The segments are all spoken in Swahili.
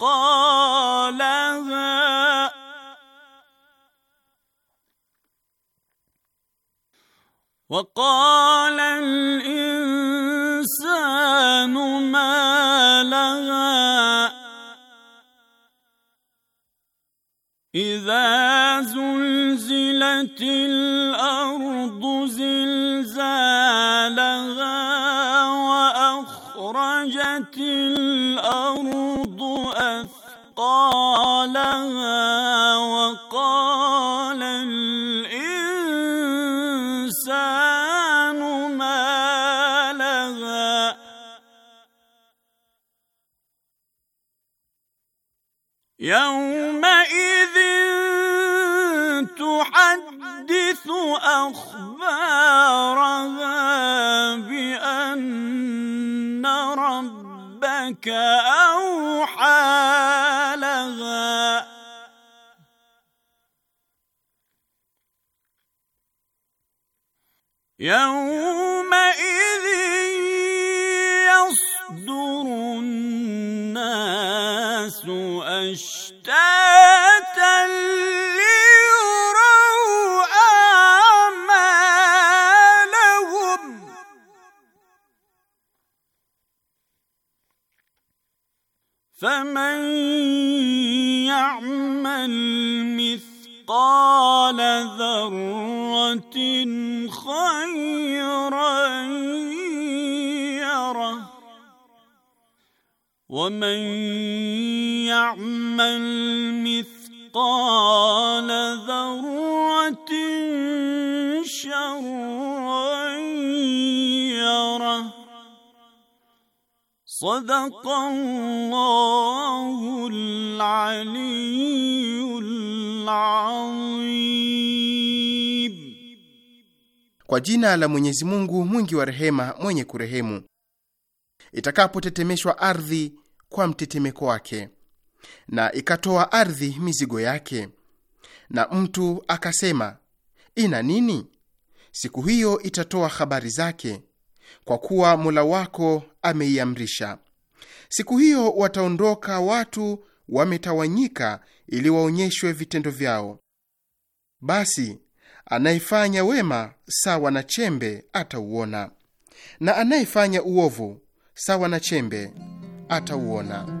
قالها وقال الإنسان ما لها إذا زلزلت الأرض زلزالها وأخرجت الأرض لها وقال الإنسان ما لها يومئذ تحدث أخبارها بأن ربك أخبارها يومئذ يصدر الناس أشتاتا ليروا أعمالهم فمن يعمل مثقال ذره خيرا يره ومن يعمل مثقال ذره شرا يره صدق الله العلي العظيم Kwa jina la Mwenyezi Mungu mwingi wa rehema, mwenye kurehemu. Itakapotetemeshwa ardhi kwa mtetemeko wake, na ikatoa ardhi mizigo yake, na mtu akasema ina nini? Siku hiyo itatoa habari zake, kwa kuwa Mola wako ameiamrisha. Siku hiyo wataondoka watu wametawanyika, ili waonyeshwe vitendo vyao. Basi Anayefanya wema sawa na chembe atauona, na anayefanya uovu sawa na chembe atauona.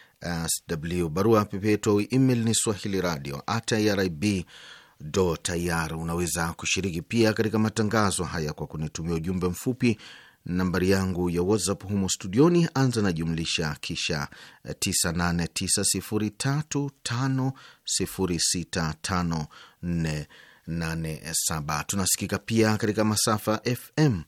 sw. Barua yetu au email ni swahili radio at irib ir. Unaweza kushiriki pia katika matangazo haya kwa kunitumia ujumbe mfupi nambari yangu ya WhatsApp humo studioni, anza na jumlisha kisha 989035065487. Tunasikika pia katika masafa FM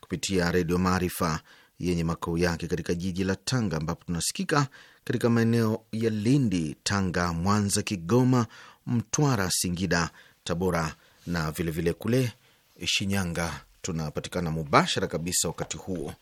kupitia Redio Maarifa yenye makao yake katika jiji la Tanga, ambapo tunasikika katika maeneo ya Lindi, Tanga, Mwanza, Kigoma, Mtwara, Singida, Tabora na vilevile vile kule Shinyanga. Tunapatikana mubashara kabisa wakati huo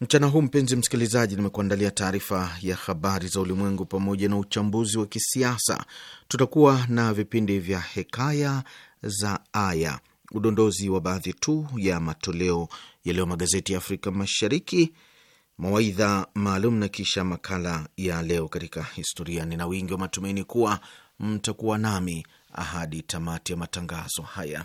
mchana huu. Mpenzi msikilizaji, nimekuandalia taarifa ya habari za ulimwengu pamoja na uchambuzi wa kisiasa. Tutakuwa na vipindi vya hekaya za aya, udondozi wa baadhi tu ya matoleo yaliyo magazeti ya Afrika Mashariki mawaidha maalum na kisha makala ya leo katika historia. Nina wingi wa matumaini kuwa mtakuwa nami ahadi tamati ya matangazo haya.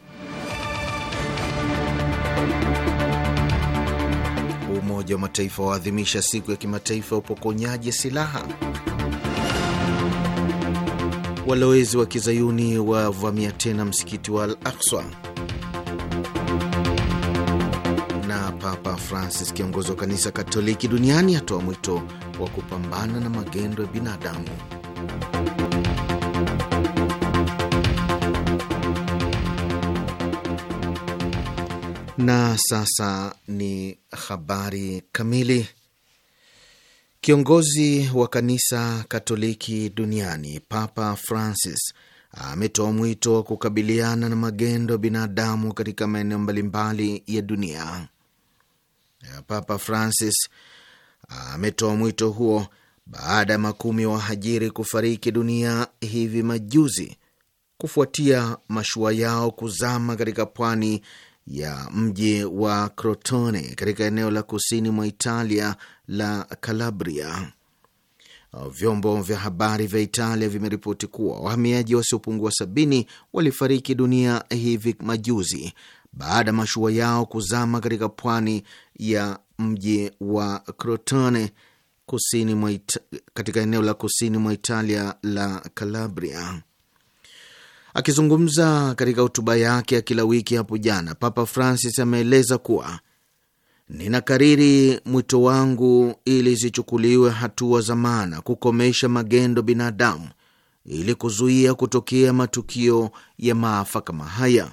Umoja wa Mataifa waadhimisha siku ya kimataifa ya upokonyaji silaha. Walowezi wa kizayuni wavamia tena msikiti wa Al Akswa. Na Papa Francis, kiongozi wa kanisa Katoliki duniani, atoa mwito wa kupambana na magendo ya binadamu. Na sasa ni habari kamili. Kiongozi wa kanisa Katoliki duniani Papa Francis ametoa mwito wa kukabiliana na magendo ya binadamu katika maeneo mbalimbali ya dunia. Papa Francis ametoa mwito huo baada ya makumi wa wahajiri kufariki dunia hivi majuzi kufuatia mashua yao kuzama katika pwani ya mji wa Crotone katika eneo la kusini mwa Italia la Calabria. Vyombo vya habari vya Italia vimeripoti kuwa wahamiaji wasiopungua wa sabini walifariki dunia hivi majuzi baada ya mashua yao kuzama katika pwani ya mji wa Crotone kusini mwa katika eneo la kusini mwa Italia la Calabria. Akizungumza katika hotuba yake ya kila wiki hapo jana, Papa Francis ameeleza kuwa ninakariri mwito wangu ili zichukuliwe hatua za maana kukomesha magendo binadamu ili kuzuia kutokea matukio ya maafa kama haya.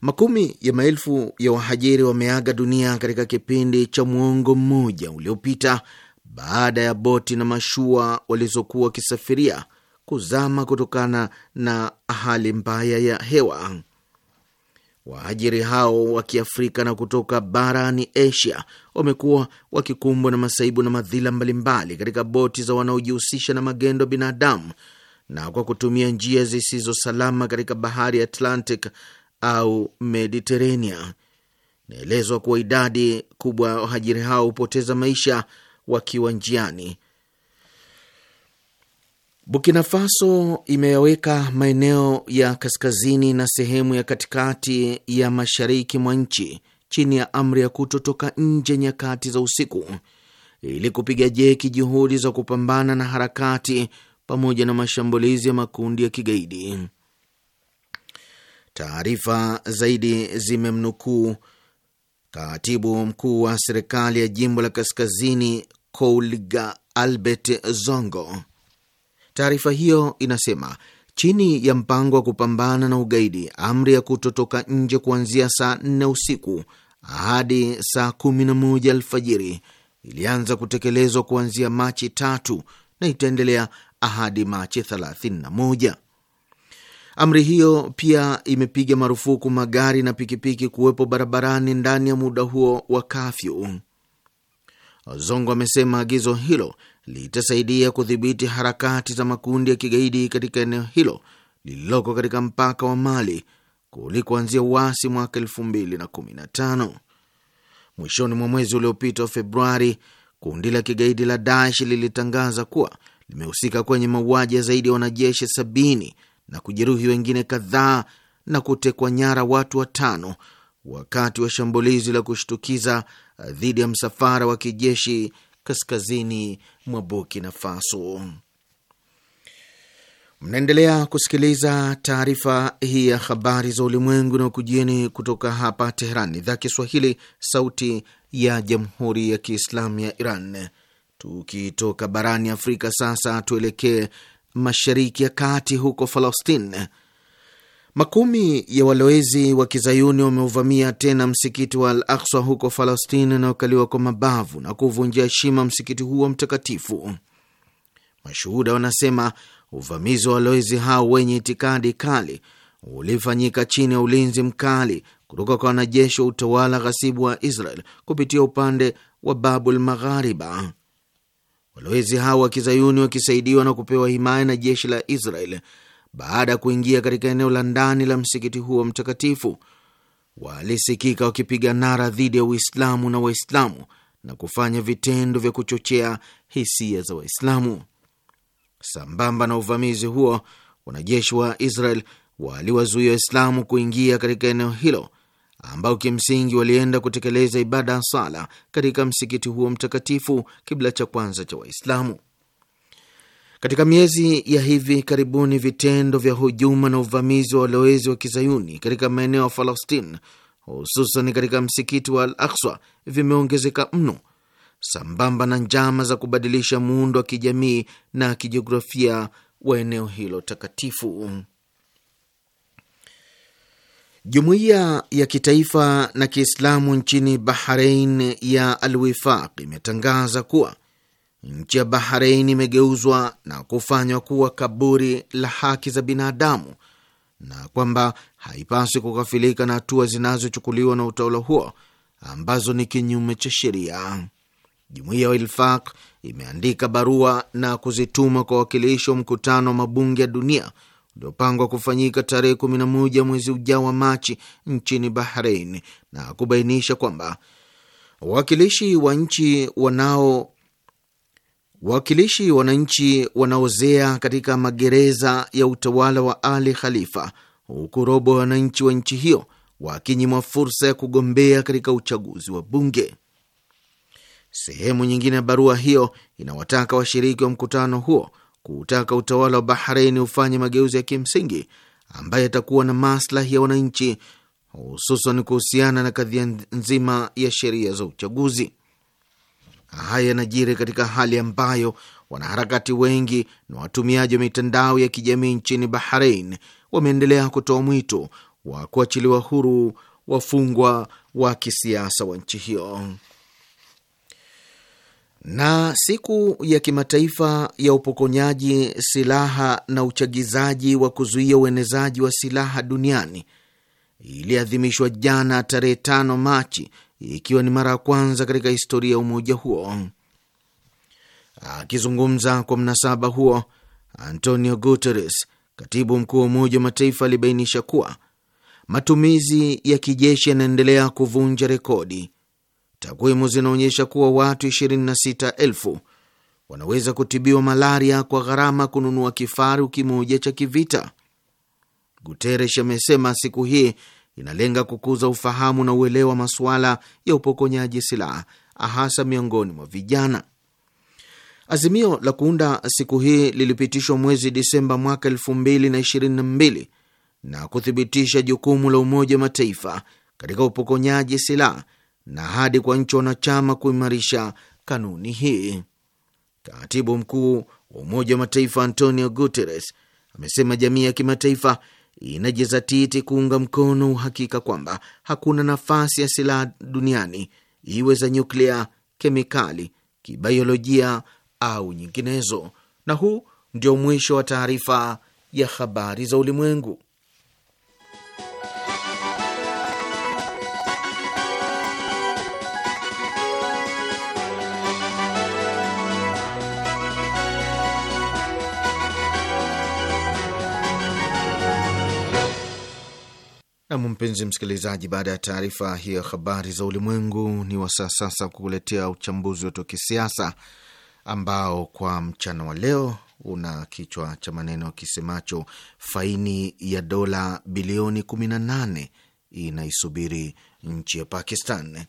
Makumi ya maelfu ya wahajiri wameaga dunia katika kipindi cha mwongo mmoja uliopita baada ya boti na mashua walizokuwa wakisafiria kuzama kutokana na hali mbaya ya hewa. Waajiri hao wa Kiafrika na kutoka barani Asia wamekuwa wakikumbwa na masaibu na madhila mbalimbali katika boti za wanaojihusisha na magendo binadamu na kwa kutumia njia zisizo salama katika bahari ya Atlantic au Mediterania. Inaelezwa kuwa idadi kubwa ya wahajiri hao hupoteza maisha wakiwa njiani Burkina Faso imeyaweka maeneo ya kaskazini na sehemu ya katikati ya mashariki mwa nchi chini ya amri ya kutotoka nje nyakati za usiku ili kupiga jeki juhudi za kupambana na harakati pamoja na mashambulizi ya makundi ya kigaidi. Taarifa zaidi zimemnukuu katibu mkuu wa serikali ya jimbo la kaskazini Kouliga Albert Zongo Taarifa hiyo inasema chini ya mpango wa kupambana na ugaidi, amri ya kutotoka nje kuanzia saa nne usiku hadi saa kumi na moja alfajiri ilianza kutekelezwa kuanzia Machi tatu na itaendelea hadi Machi 31. Amri hiyo pia imepiga marufuku magari na pikipiki kuwepo barabarani ndani ya muda huo wa kafyu. Zongo amesema agizo hilo litasaidia kudhibiti harakati za makundi ya kigaidi katika eneo hilo lililoko katika mpaka wa Mali kulikuanzia uasi mwaka elfu mbili na kumi na tano. Mwishoni mwa mwezi uliopita wa Februari, kundi la kigaidi la Daesh lilitangaza kuwa limehusika kwenye mauaji ya zaidi ya wanajeshi sabini na kujeruhi wengine kadhaa na kutekwa nyara watu watano wakati wa shambulizi la kushtukiza dhidi ya msafara wa kijeshi kaskazini mwa Burkina Faso. Mnaendelea kusikiliza taarifa hii ya habari za ulimwengu na ukujieni kutoka hapa Teheran, idhaa Kiswahili, sauti ya jamhuri ya kiislamu ya Iran. Tukitoka barani Afrika sasa, tuelekee mashariki ya kati, huko Palestina Makumi ya walowezi wa kizayuni wameuvamia tena msikiti wa Al Aksa huko Falastini anayokaliwa kwa mabavu na kuvunjia heshima msikiti huo mtakatifu. Mashuhuda wanasema uvamizi wa walowezi hao wenye itikadi kali ulifanyika chini ya ulinzi mkali kutoka kwa wanajeshi wa utawala ghasibu wa Israel kupitia upande wa Babul Maghariba. Walowezi hao wa kizayuni wakisaidiwa na kupewa himaya na jeshi la Israel baada ya kuingia katika eneo la ndani la msikiti huo mtakatifu, walisikika wakipiga nara dhidi ya Uislamu na Waislamu na kufanya vitendo vya kuchochea hisia za Waislamu. Sambamba na uvamizi huo, wanajeshi wa Israel waliwazuia Waislamu kuingia katika eneo hilo ambao kimsingi walienda kutekeleza ibada ya sala katika msikiti huo mtakatifu, kibla cha kwanza cha Waislamu. Katika miezi ya hivi karibuni, vitendo vya hujuma na uvamizi wa walowezi wa kizayuni katika maeneo ya Falastin, hususan katika msikiti wa Al Akswa, vimeongezeka mno, sambamba na njama za kubadilisha muundo wa kijamii na kijiografia wa eneo hilo takatifu. Jumuiya ya kitaifa na Kiislamu nchini bahrein ya Al Wifaq imetangaza kuwa Nchi ya Bahrein imegeuzwa na kufanywa kuwa kaburi la haki za binadamu na kwamba haipaswi kughafilika na hatua zinazochukuliwa na utawala huo ambazo ni kinyume cha sheria. Jumuiya ya Wailfaq imeandika barua na kuzituma kwa wakilishi wa mkutano wa mabunge ya dunia uliopangwa kufanyika tarehe 11 mwezi ujao wa Machi nchini Bahrein na kubainisha kwamba wawakilishi wa nchi wanao Wawakilishi wananchi wanaozea katika magereza ya utawala wa Ali Khalifa, huku robo wananchi wa nchi hiyo wakinyimwa fursa ya kugombea katika uchaguzi wa bunge. Sehemu nyingine ya barua hiyo inawataka washiriki wa mkutano huo kuutaka utawala wa bahrein ufanye mageuzi ya kimsingi ambaye atakuwa na maslahi ya wananchi, hususan kuhusiana na kadhia nzima ya sheria za uchaguzi. Haya yanajiri katika hali ambayo wanaharakati wengi na watumiaji wa mitandao ya kijamii nchini bahrein wameendelea kutoa mwito wa kuachiliwa huru wafungwa wa kisiasa wa nchi hiyo. Na siku ya kimataifa ya upokonyaji silaha na uchagizaji wa kuzuia uenezaji wa silaha duniani iliadhimishwa jana tarehe tano Machi ikiwa ni mara ya kwanza katika historia ya umoja huo. Akizungumza kwa mnasaba huo, Antonio Guterres, katibu mkuu wa Umoja wa Mataifa, alibainisha kuwa matumizi ya kijeshi yanaendelea kuvunja rekodi. Takwimu zinaonyesha kuwa watu 26,000 wanaweza kutibiwa malaria kwa gharama kununua kifaru kimoja cha kivita. Guterres amesema siku hii inalenga kukuza ufahamu na uelewa masuala ya upokonyaji silaha hasa miongoni mwa vijana. Azimio la kuunda siku hii lilipitishwa mwezi Disemba mwaka elfu mbili na ishirini na mbili na kuthibitisha jukumu la Umoja wa Mataifa katika upokonyaji silaha na hadi kwa nchi wanachama kuimarisha kanuni hii. Katibu mkuu wa Umoja wa Mataifa Antonio Guterres amesema jamii ya kimataifa inajizatiti kuunga mkono uhakika kwamba hakuna nafasi ya silaha duniani, iwe za nyuklia, kemikali, kibaiolojia au nyinginezo. Na huu ndio mwisho wa taarifa ya habari za ulimwengu. Nam, mpenzi msikilizaji, baada ya taarifa hiyo habari za ulimwengu, ni wasaa sasa kukuletea uchambuzi wetu wa kisiasa ambao kwa mchana wa leo una kichwa cha maneno kisemacho faini ya dola bilioni 18 inaisubiri nchi ya Pakistan.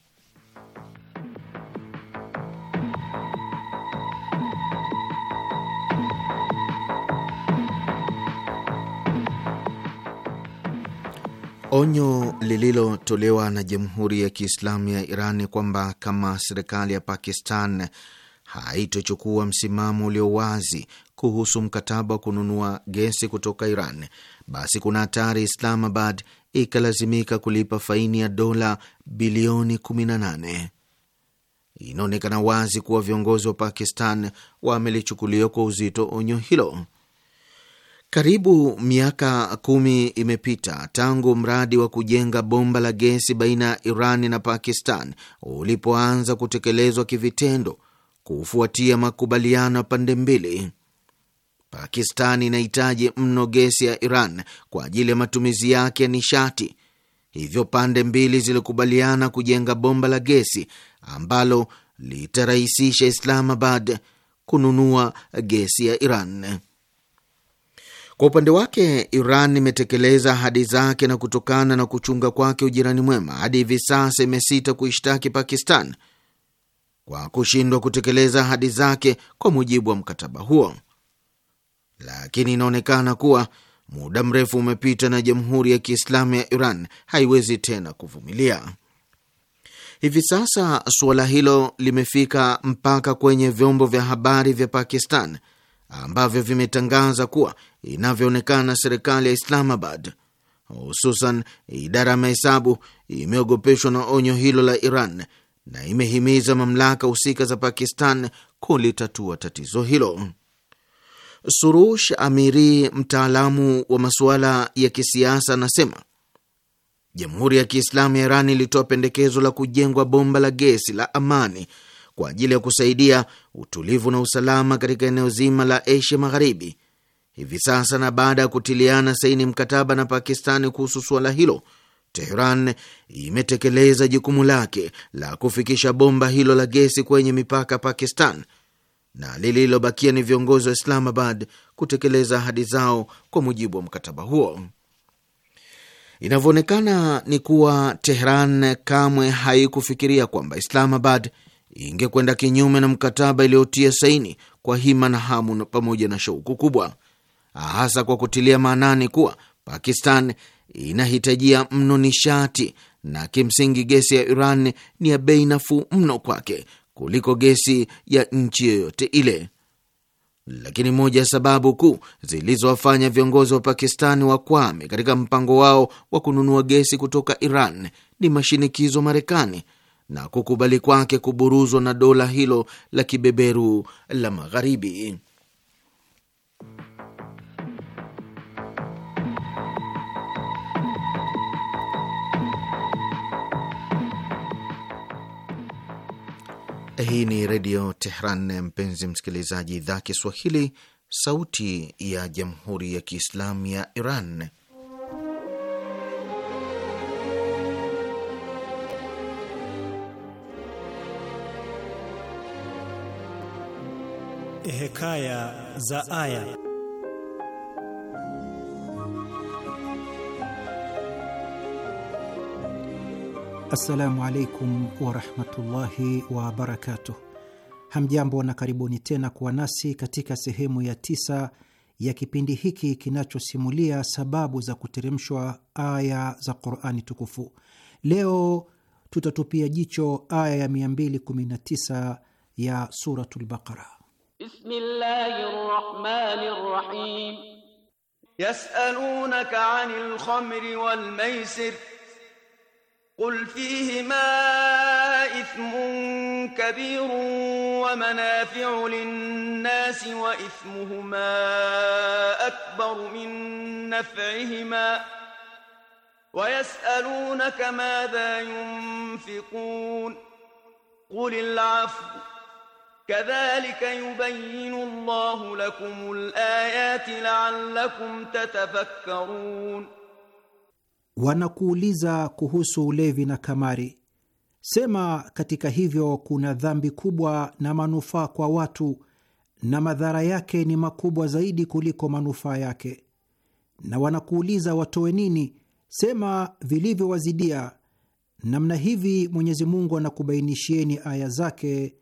Onyo lililotolewa na Jamhuri ya Kiislamu ya Iran kwamba kama serikali ya Pakistan haitochukua msimamo ulio wazi kuhusu mkataba wa kununua gesi kutoka Iran, basi kuna hatari Islamabad ikalazimika kulipa faini ya dola bilioni 18. Inaonekana wazi kuwa viongozi wa Pakistan wamelichukulia kwa uzito onyo hilo. Karibu miaka kumi imepita tangu mradi wa kujenga bomba la gesi baina ya Iran na Pakistan ulipoanza kutekelezwa kivitendo kufuatia makubaliano ya pande mbili. Pakistan inahitaji mno gesi ya Iran kwa ajili ya matumizi yake ya nishati, hivyo pande mbili zilikubaliana kujenga bomba la gesi ambalo litarahisisha Islamabad kununua gesi ya Iran. Kwa upande wake, Iran imetekeleza ahadi zake na kutokana na kuchunga kwake ujirani mwema, hadi hivi sasa imesita kuishtaki Pakistan kwa kushindwa kutekeleza ahadi zake kwa mujibu wa mkataba huo, lakini inaonekana kuwa muda mrefu umepita na Jamhuri ya Kiislamu ya Iran haiwezi tena kuvumilia. Hivi sasa suala hilo limefika mpaka kwenye vyombo vya habari vya Pakistan ambavyo vimetangaza kuwa inavyoonekana serikali ya Islamabad, hususan idara ya mahesabu, imeogopeshwa na onyo hilo la Iran na imehimiza mamlaka husika za Pakistan kulitatua tatizo hilo. Surush Amiri, mtaalamu wa masuala ya kisiasa, anasema Jamhuri ya Kiislamu ya Iran ilitoa pendekezo la kujengwa bomba la gesi la amani kwa ajili ya kusaidia utulivu na usalama katika eneo zima la Asia Magharibi Hivi sasa na baada ya kutiliana saini mkataba na Pakistani kuhusu suala hilo, Teheran imetekeleza jukumu lake la kufikisha bomba hilo la gesi kwenye mipaka Pakistan, na lililobakia ni viongozi wa Islamabad kutekeleza ahadi zao kwa mujibu wa mkataba huo. Inavyoonekana ni kuwa Tehran kamwe haikufikiria kwamba Islamabad ingekwenda kinyume na mkataba iliyotia saini kwa hima na hamu pamoja na shauku kubwa hasa kwa kutilia maanani kuwa Pakistan inahitajia mno nishati na kimsingi gesi ya Iran ni ya bei nafuu mno kwake kuliko gesi ya nchi yoyote ile. Lakini moja ya sababu kuu zilizowafanya viongozi wa Pakistani wakwame katika mpango wao wa kununua gesi kutoka Iran ni mashinikizo Marekani na kukubali kwake kuburuzwa na dola hilo la kibeberu la Magharibi. Hii ni Redio Tehran, mpenzi msikilizaji, idhaa Kiswahili, sauti ya jamhuri ya Kiislamu ya Iran. Hekaya za Aya. Assalamu alaikum warahmatullahi wabarakatuh. Hamjambo na karibuni tena kuwa nasi katika sehemu ya tisa ya kipindi hiki kinachosimulia sababu za kuteremshwa aya za Qurani tukufu. Leo tutatupia jicho aya ya 219 ya Suratul Baqara. Bismillahir Rahmanir Rahim. Yasalunaka anil khamri wal maisir قل فيهما إثم كبير ومنافع للناس وإثمهما أكبر من نفعهما ويسألونك ماذا ينفقون قل العفو كذلك يبين الله لكم الآيات لعلكم تتفكرون wanakuuliza kuhusu ulevi na kamari. Sema, katika hivyo kuna dhambi kubwa na manufaa kwa watu, na madhara yake ni makubwa zaidi kuliko manufaa yake. Na wanakuuliza watoe nini? Sema, vilivyowazidia. Namna hivi Mwenyezi Mungu anakubainishieni aya zake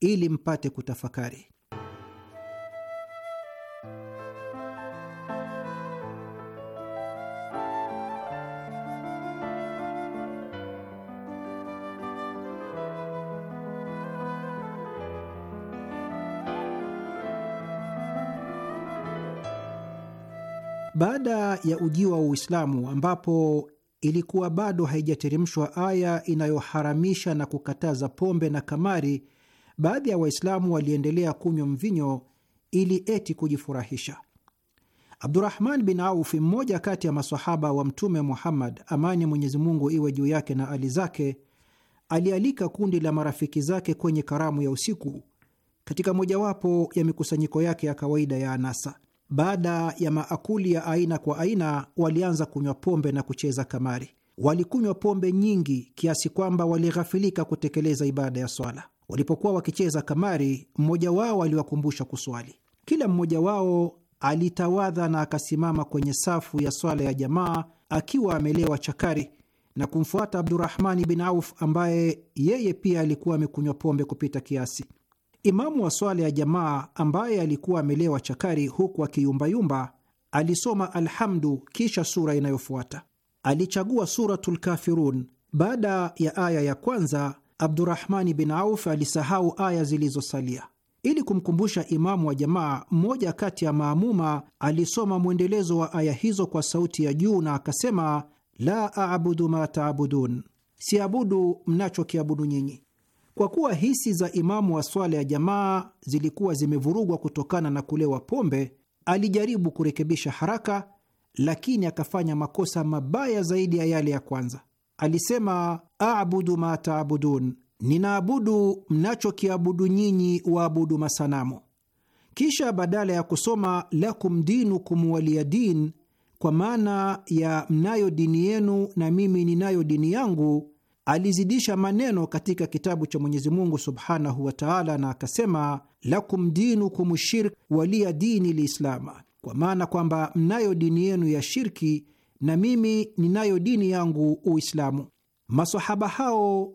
ili mpate kutafakari. Baada ya ujio wa Uislamu, ambapo ilikuwa bado haijateremshwa aya inayoharamisha na kukataza pombe na kamari, baadhi ya Waislamu waliendelea kunywa mvinyo ili eti kujifurahisha. Abdurahman bin aufi mmoja kati ya masahaba wa Mtume Muhammad, amani mwenyezimungu Mwenyezi Mungu iwe juu yake na ali zake, alialika kundi la marafiki zake kwenye karamu ya usiku katika mojawapo ya mikusanyiko yake ya kawaida ya anasa baada ya maakuli ya aina kwa aina, walianza kunywa pombe na kucheza kamari. Walikunywa pombe nyingi kiasi kwamba walighafilika kutekeleza ibada ya swala. Walipokuwa wakicheza kamari, mmoja wao aliwakumbusha kuswali. Kila mmoja wao alitawadha na akasimama kwenye safu ya swala ya jamaa akiwa amelewa chakari na kumfuata Abdurahmani bin Auf ambaye yeye pia alikuwa amekunywa pombe kupita kiasi. Imamu wa swala ya jamaa ambaye alikuwa amelewa chakari huku akiyumbayumba alisoma Alhamdu kisha sura inayofuata. Alichagua Suratul Kafirun baada ya aya ya kwanza. Abdurahmani bin Auf alisahau aya zilizosalia. Ili kumkumbusha imamu wa jamaa, mmoja kati ya maamuma alisoma mwendelezo wa aya hizo kwa sauti ya juu na akasema, la abudu ma taabudun, siabudu mnachokiabudu nyinyi. Kwa kuwa hisi za imamu wa swala ya jamaa zilikuwa zimevurugwa kutokana na kulewa pombe, alijaribu kurekebisha haraka, lakini akafanya makosa mabaya zaidi ya yale ya kwanza. Alisema, abudu ma taabudun, ninaabudu mnachokiabudu nyinyi waabudu masanamu. Kisha badala ya kusoma lakum dinukum waliya din, kwa maana ya mnayo dini yenu na mimi ninayo dini yangu alizidisha maneno katika kitabu cha Mwenyezi Mungu subhanahu wa taala, na akasema lakum dinukum shirk waliya dini liislama, kwa maana kwamba mnayo dini yenu ya shirki na mimi ninayo dini yangu Uislamu. Masahaba hao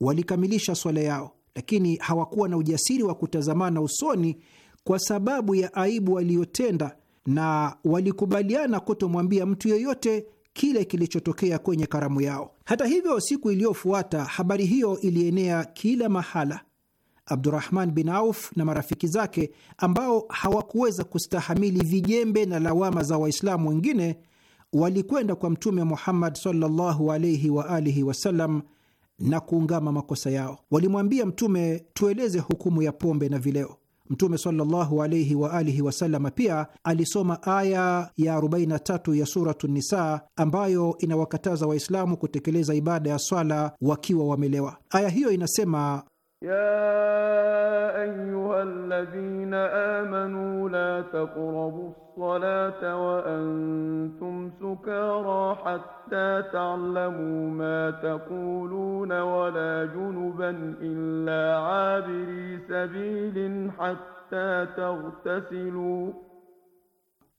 walikamilisha swala yao, lakini hawakuwa na ujasiri wa kutazamana usoni kwa sababu ya aibu waliyotenda, na walikubaliana kutomwambia mtu yeyote kile kilichotokea kwenye karamu yao. Hata hivyo, siku iliyofuata habari hiyo ilienea kila mahala. Abdurahman bin Auf na marafiki zake ambao hawakuweza kustahamili vijembe na lawama za Waislamu wengine walikwenda kwa Mtume Muhammad sallallahu wa alihi wasallam na kuungama makosa yao. Walimwambia Mtume, tueleze hukumu ya pombe na vileo. Mtume sallallahu alaihi wa alihi wasalama pia alisoma aya ya 43 ya Suratu Nisa ambayo inawakataza Waislamu kutekeleza ibada ya swala wakiwa wamelewa. Aya hiyo inasema يا أيها الذين آمنوا لا تقربوا الصلاة وأنتم سكارى حتى تعلموا ما تقولون ولا جنبا إلا عابري سبيل حتى تغتسلوا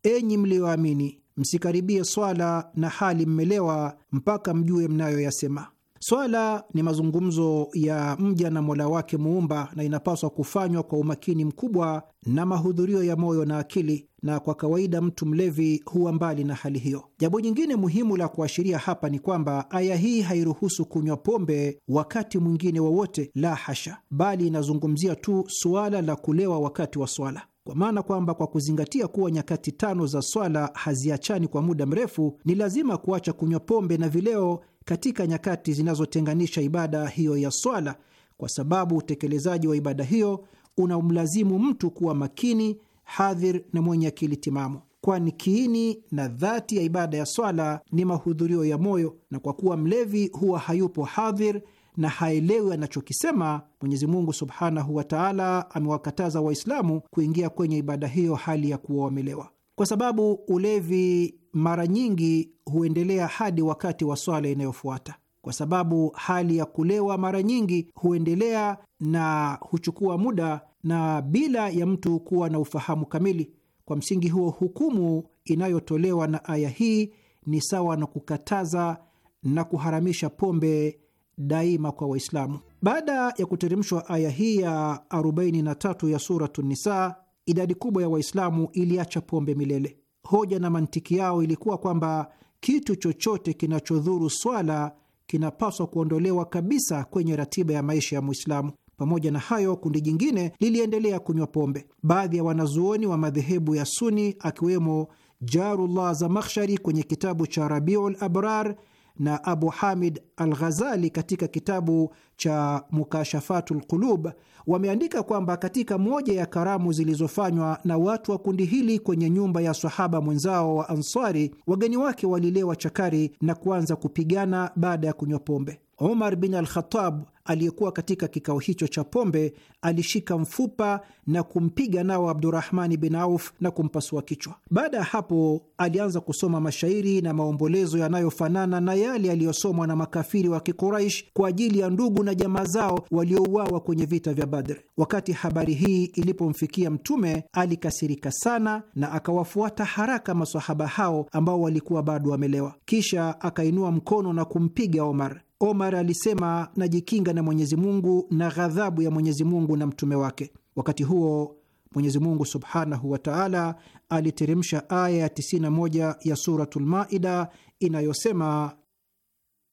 Enyi mliyoamini, msikaribie swala na hali mmelewa mpaka mjue mnayoyasema. Swala ni mazungumzo ya mja na Mola wake Muumba, na inapaswa kufanywa kwa umakini mkubwa na mahudhurio ya moyo na akili, na kwa kawaida mtu mlevi huwa mbali na hali hiyo. Jambo jingine muhimu la kuashiria hapa ni kwamba aya hii hairuhusu kunywa pombe wakati mwingine wowote, la hasha, bali inazungumzia tu suala la kulewa wakati wa swala kwa maana kwamba kwa kuzingatia kuwa nyakati tano za swala haziachani kwa muda mrefu, ni lazima kuacha kunywa pombe na vileo katika nyakati zinazotenganisha ibada hiyo ya swala, kwa sababu utekelezaji wa ibada hiyo unamlazimu mtu kuwa makini, hadhir na mwenye akili timamu, kwani kiini na dhati ya ibada ya swala ni mahudhurio ya moyo, na kwa kuwa mlevi huwa hayupo hadhir na haelewi anachokisema, Mwenyezi Mungu subhanahu wa taala amewakataza Waislamu kuingia kwenye ibada hiyo hali ya kuwa wamelewa kwa sababu ulevi mara nyingi huendelea hadi wakati wa swala inayofuata, kwa sababu hali ya kulewa mara nyingi huendelea na huchukua muda na bila ya mtu kuwa na ufahamu kamili. Kwa msingi huo, hukumu inayotolewa na aya hii ni sawa na kukataza na kuharamisha pombe daima kwa Waislamu. Baada ya kuteremshwa aya hii ya 43 ya Suratu Nisa, idadi kubwa ya Waislamu iliacha pombe milele. Hoja na mantiki yao ilikuwa kwamba kitu chochote kinachodhuru swala kinapaswa kuondolewa kabisa kwenye ratiba ya maisha ya Mwislamu. Pamoja na hayo, kundi jingine liliendelea kunywa pombe. Baadhi ya wanazuoni wa madhehebu ya Suni akiwemo Jarullah Zamakhshari kwenye kitabu cha Rabiul Abrar na Abu Hamid Al Ghazali katika kitabu cha Mukashafatu Lqulub wameandika kwamba katika moja ya karamu zilizofanywa na watu wa kundi hili kwenye nyumba ya sahaba mwenzao wa Ansari, wageni wake walilewa chakari na kuanza kupigana baada ya kunywa pombe. Omar bin alkhatab aliyekuwa katika kikao hicho cha pombe alishika mfupa na kumpiga nao Abdurahmani bin Auf na kumpasua kichwa. Baada ya hapo, alianza kusoma mashairi na maombolezo yanayofanana na yale yaliyosomwa na makafiri wa Kikuraish kwa ajili ya ndugu na jamaa zao waliouawa kwenye vita vya Badr. Wakati habari hii ilipomfikia Mtume, alikasirika sana na akawafuata haraka masahaba hao ambao walikuwa bado wamelewa, kisha akainua mkono na kumpiga Omar. Omar alisema, najikinga na Mwenyezi Mungu na ghadhabu ya Mwenyezi Mungu na mtume wake. Wakati huo Mwenyezi Mungu subhanahu wa taala aliteremsha aya ya 91 ya Suratul Maida inayosema,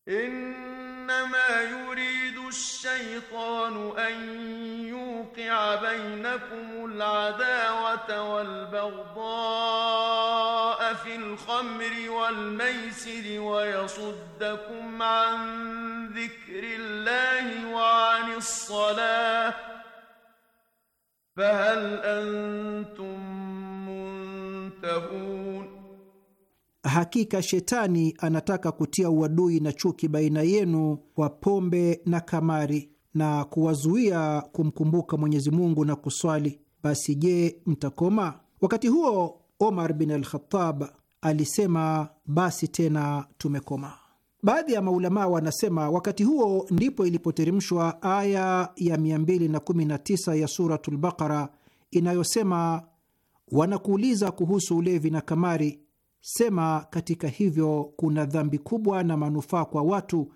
innama الشيطان أن يوقع بينكم العداوة والبغضاء في الخمر والميسر ويصدكم عن ذكر الله وعن الصلاة فهل أنتم منتهون Hakika Shetani anataka kutia uadui na chuki baina yenu kwa pombe na kamari na kuwazuia kumkumbuka Mwenyezi Mungu na kuswali. Basi je, mtakoma? Wakati huo Omar bin alkhatab alisema, basi tena tumekoma. Baadhi ya maulamaa wanasema wakati huo ndipo ilipoteremshwa aya ya 219 ya Suratul Baqara inayosema, wanakuuliza kuhusu ulevi na kamari Sema katika hivyo kuna dhambi kubwa na manufaa kwa watu,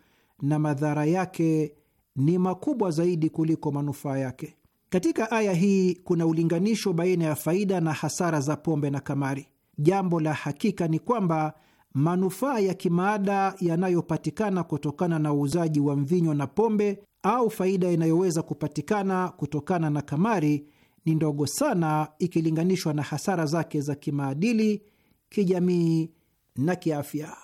na madhara yake ni makubwa zaidi kuliko manufaa yake. Katika aya hii kuna ulinganisho baina ya faida na hasara za pombe na kamari. Jambo la hakika ni kwamba manufaa ya kimaada yanayopatikana kutokana na uuzaji wa mvinyo na pombe au faida inayoweza kupatikana kutokana na kamari ni ndogo sana ikilinganishwa na hasara zake za kimaadili kijamii na kiafya.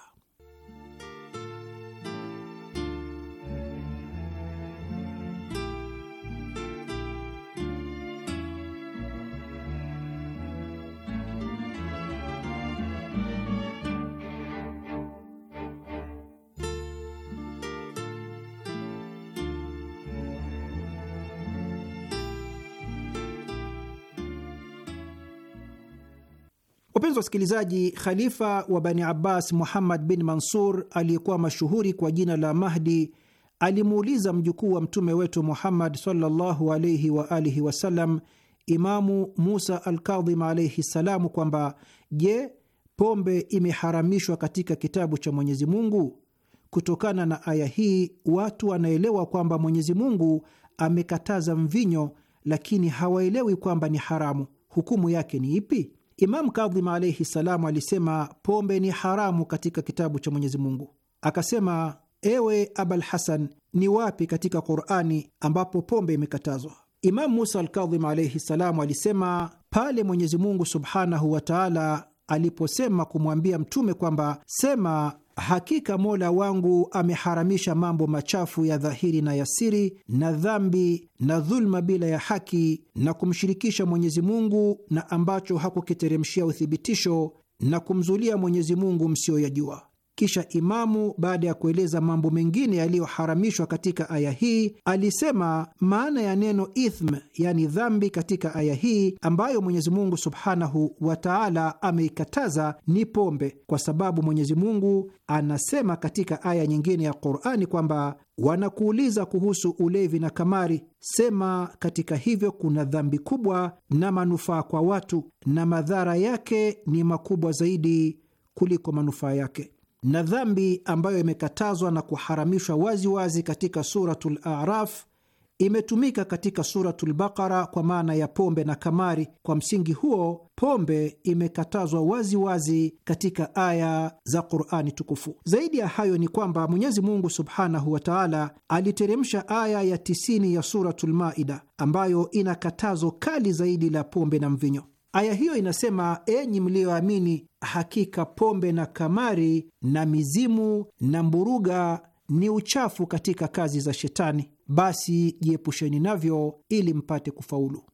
Wapenzi wasikilizaji, khalifa wa Bani Abbas Muhammad bin Mansur aliyekuwa mashuhuri kwa jina la Mahdi alimuuliza mjukuu wa mtume wetu Muhammad sallallahu alaihi wa alihi wasallam, Imamu Musa Alkadhim alaihi ssalamu, kwamba je, pombe imeharamishwa katika kitabu cha Mwenyezi Mungu? Kutokana na aya hii watu wanaelewa kwamba Mwenyezi Mungu amekataza mvinyo, lakini hawaelewi kwamba ni haramu. Hukumu yake ni ipi? imamu Kadhim alaihi salamu alisema pombe ni haramu katika kitabu cha Mwenyezi Mungu. Akasema, ewe Abal Hasan, ni wapi katika Qurani ambapo pombe imekatazwa? Imamu Musa Alkadhim alaihi salamu alisema pale Mwenyezi Mungu subhanahu wa taala aliposema kumwambia Mtume kwamba sema Hakika Mola wangu ameharamisha mambo machafu ya dhahiri na yasiri na dhambi na dhulma bila ya haki na kumshirikisha Mwenyezi Mungu na ambacho hakukiteremshia uthibitisho na kumzulia Mwenyezi Mungu msiyoyajua. Kisha Imamu, baada ya kueleza mambo mengine yaliyoharamishwa katika aya hii, alisema maana ya neno ithm, yani dhambi, katika aya hii ambayo Mwenyezi Mungu subhanahu wa taala ameikataza ni pombe, kwa sababu Mwenyezi Mungu anasema katika aya nyingine ya Qurani kwamba wanakuuliza kuhusu ulevi na kamari, sema katika hivyo kuna dhambi kubwa na manufaa kwa watu, na madhara yake ni makubwa zaidi kuliko manufaa yake na dhambi ambayo imekatazwa na kuharamishwa waziwazi katika Suratul Araf imetumika katika Suratul Baqara kwa maana ya pombe na kamari. Kwa msingi huo, pombe imekatazwa waziwazi wazi katika aya za Qurani tukufu. Zaidi ya hayo ni kwamba Mwenyezi Mungu subhanahu wa taala aliteremsha aya ya 9 ya Suratul Maida ambayo ina katazo kali zaidi la pombe na mvinyo. Aya hiyo inasema: enyi mliyoamini, hakika pombe na kamari na mizimu na mburuga ni uchafu katika kazi za Shetani, basi jiepusheni navyo ili mpate kufaulu.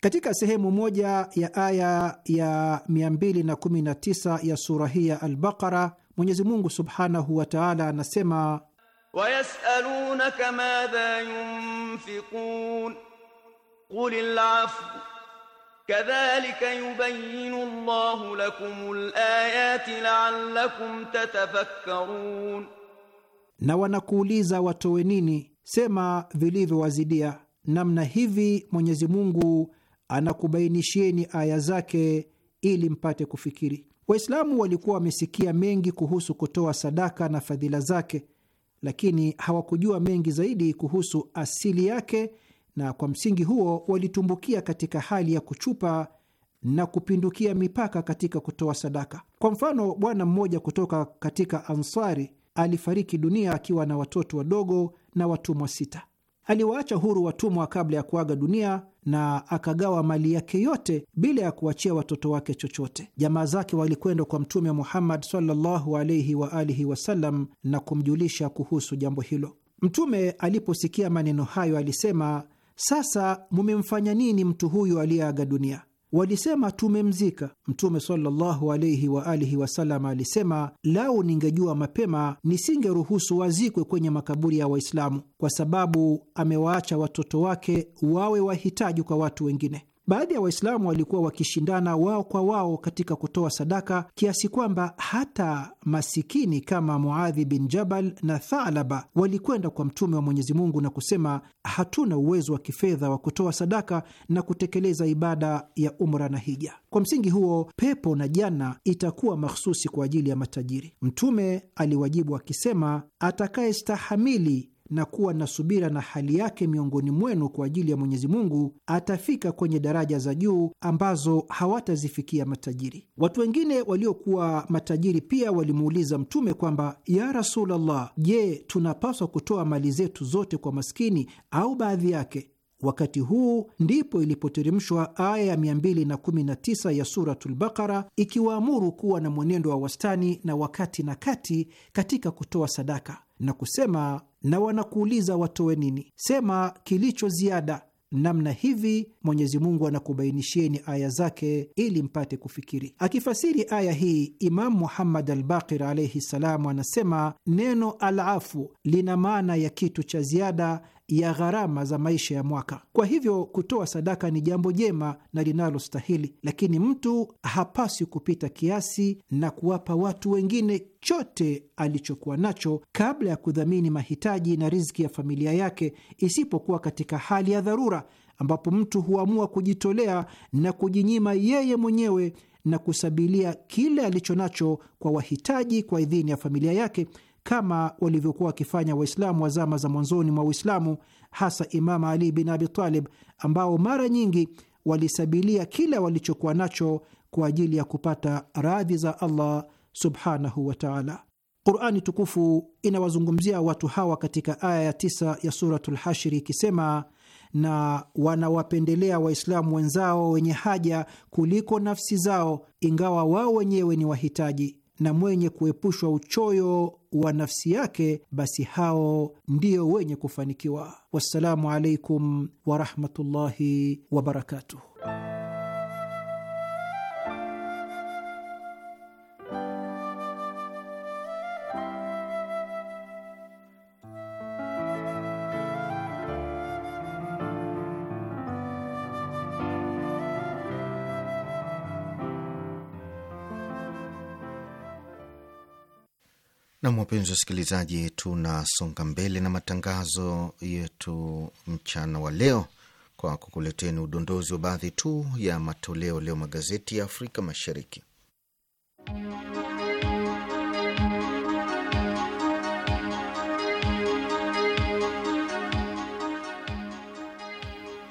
Katika sehemu moja ya aya ya 219 ya sura hii ya Albaqara, Mwenyezi Mungu subhanahu wa taala anasema wayasalunaka madha yunfiqun qul afwa kadhalika yubayyinu Allahu lakumul ayati la'allakum tatafakkarun, na wanakuuliza watowe nini? Sema vilivyowazidia. Namna hivi Mwenyezi Mungu anakubainishieni aya zake ili mpate kufikiri. Waislamu walikuwa wamesikia mengi kuhusu kutoa sadaka na fadhila zake, lakini hawakujua mengi zaidi kuhusu asili yake na kwa msingi huo walitumbukia katika hali ya kuchupa na kupindukia mipaka katika kutoa sadaka. Kwa mfano, bwana mmoja kutoka katika Ansari alifariki dunia akiwa na watoto wadogo na watumwa sita. Aliwaacha huru watumwa kabla ya kuaga dunia na akagawa mali yake yote bila ya kuachia watoto wake chochote. Jamaa zake walikwenda kwa Mtume Muhammad sallallahu alaihi wa alihi wasallam na kumjulisha kuhusu jambo hilo. Mtume aliposikia maneno hayo alisema sasa mumemfanya nini mtu huyu aliyeaga dunia? Walisema tumemzika. Mtume sallallahu alaihi wa alihi wasallam alisema, lau ningejua mapema nisingeruhusu wazikwe kwenye makaburi ya Waislamu, kwa sababu amewaacha watoto wake wawe wahitaji kwa watu wengine. Baadhi ya Waislamu walikuwa wakishindana wao kwa wao katika kutoa sadaka kiasi kwamba hata masikini kama Muadhi bin Jabal na Thalaba walikwenda kwa Mtume wa Mwenyezi Mungu na kusema, hatuna uwezo wa kifedha wa kutoa sadaka na kutekeleza ibada ya umra na hija. Kwa msingi huo, pepo na jana itakuwa mahsusi kwa ajili ya matajiri. Mtume aliwajibu akisema, atakayestahamili na kuwa na subira na hali yake miongoni mwenu kwa ajili ya Mwenyezi Mungu, atafika kwenye daraja za juu ambazo hawatazifikia matajiri. Watu wengine waliokuwa matajiri pia walimuuliza Mtume kwamba, ya Rasulullah, je, tunapaswa kutoa mali zetu zote kwa maskini au baadhi yake? Wakati huu ndipo ilipoteremshwa aya ya 219 ya Suratul Bakara ikiwaamuru kuwa na mwenendo wa wastani na wakati na kati katika kutoa sadaka na kusema na wanakuuliza watoe nini, sema kilicho ziada. Namna hivi Mwenyezi Mungu anakubainishieni aya zake ili mpate kufikiri. Akifasiri aya hii, Imamu Muhammad Albakir alaihi salamu anasema neno alafu lina maana ya kitu cha ziada ya gharama za maisha ya mwaka. Kwa hivyo kutoa sadaka ni jambo jema na linalostahili, lakini mtu hapaswi kupita kiasi na kuwapa watu wengine chote alichokuwa nacho kabla ya kudhamini mahitaji na riziki ya familia yake, isipokuwa katika hali ya dharura ambapo mtu huamua kujitolea na kujinyima yeye mwenyewe na kusabilia kile alicho nacho kwa wahitaji kwa idhini ya familia yake kama walivyokuwa wakifanya Waislamu wa zama za mwanzoni mwa Uislamu, hasa Imamu Ali bin Abi Talib, ambao mara nyingi walisabilia kila walichokuwa nacho kwa ajili ya kupata radhi za Allah subhanahu wataala Qurani tukufu inawazungumzia watu hawa katika aya ya tisa ya Suratul Hashri ikisema na wanawapendelea Waislamu wenzao wenye haja kuliko nafsi zao, ingawa wao wenyewe ni wahitaji na mwenye kuepushwa uchoyo wa nafsi yake, basi hao ndio wenye kufanikiwa. Wassalamu alaikum warahmatullahi wabarakatuh. Nam, wapenzi wasikilizaji, tunasonga mbele na matangazo yetu mchana wa leo kwa kukuleteni udondozi wa baadhi tu ya matoleo leo magazeti ya Afrika Mashariki.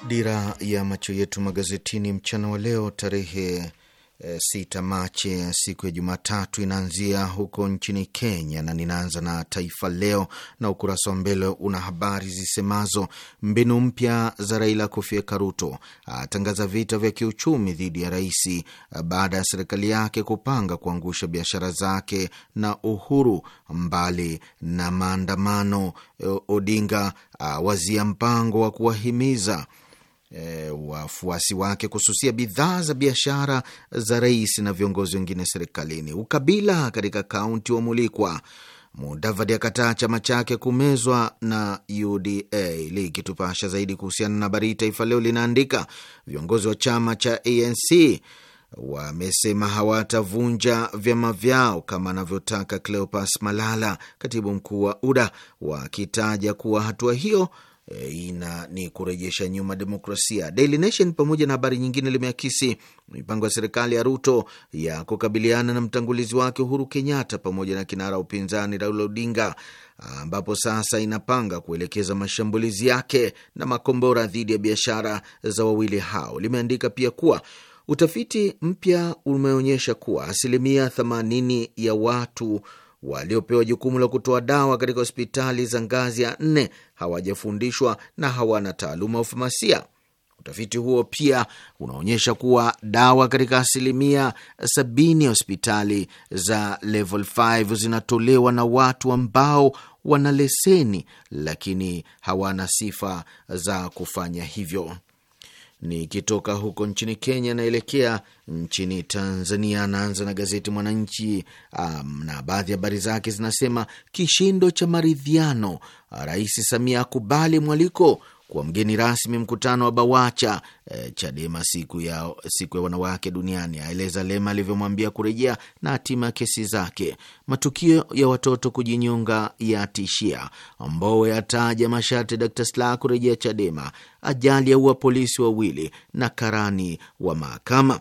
Dira ya macho yetu magazetini mchana wa leo tarehe Eh, sita Machi siku ya Jumatatu inaanzia huko nchini Kenya, na ninaanza na Taifa Leo na ukurasa wa mbele una habari zisemazo mbinu mpya za Raila kufyeka Ruto, atangaza vita vya kiuchumi dhidi ya rais baada ya serikali yake kupanga kuangusha biashara zake na Uhuru. Mbali na maandamano, eh, Odinga awazia ah, mpango wa kuwahimiza e, wafuasi wake kususia bidhaa za biashara za rais na viongozi wengine serikalini. Ukabila katika kaunti wamulikwa. Mudavadi akataa chama chake kumezwa na UDA. Likitupasha zaidi kuhusiana na habari hii, Taifa Leo linaandika viongozi wa chama cha ANC wamesema hawatavunja vyama vyao kama anavyotaka Cleopas Malala, katibu mkuu wa UDA, wakitaja kuwa hatua hiyo e, ina ni kurejesha nyuma demokrasia. Daily Nation pamoja na habari nyingine limeakisi mipango ya serikali ya Ruto ya kukabiliana na mtangulizi wake Uhuru Kenyatta pamoja na kinara upinzani Raila Odinga ambapo sasa inapanga kuelekeza mashambulizi yake na makombora dhidi ya biashara za wawili hao. Limeandika pia kuwa utafiti mpya umeonyesha kuwa asilimia 80 ya watu waliopewa jukumu la kutoa dawa katika hospitali za ngazi ya nne hawajafundishwa na hawana taaluma ya ufamasia. Utafiti huo pia unaonyesha kuwa dawa katika asilimia sabini ya hospitali za level 5 zinatolewa na watu ambao wana leseni lakini hawana sifa za kufanya hivyo. Nikitoka huko nchini Kenya naelekea nchini Tanzania. Anaanza na gazeti Mwananchi um, na baadhi ya habari zake zinasema: kishindo cha maridhiano, Rais Samia akubali mwaliko kuwa mgeni rasmi mkutano wa BAWACHA e, Chadema siku ya, siku ya wanawake duniani, aeleza Lema alivyomwambia kurejea na hatima ya kesi zake. Matukio ya watoto kujinyonga yatishia. Mbowe ataja masharti Dr. sla kurejea Chadema. Ajali yaua polisi wawili na karani wa mahakama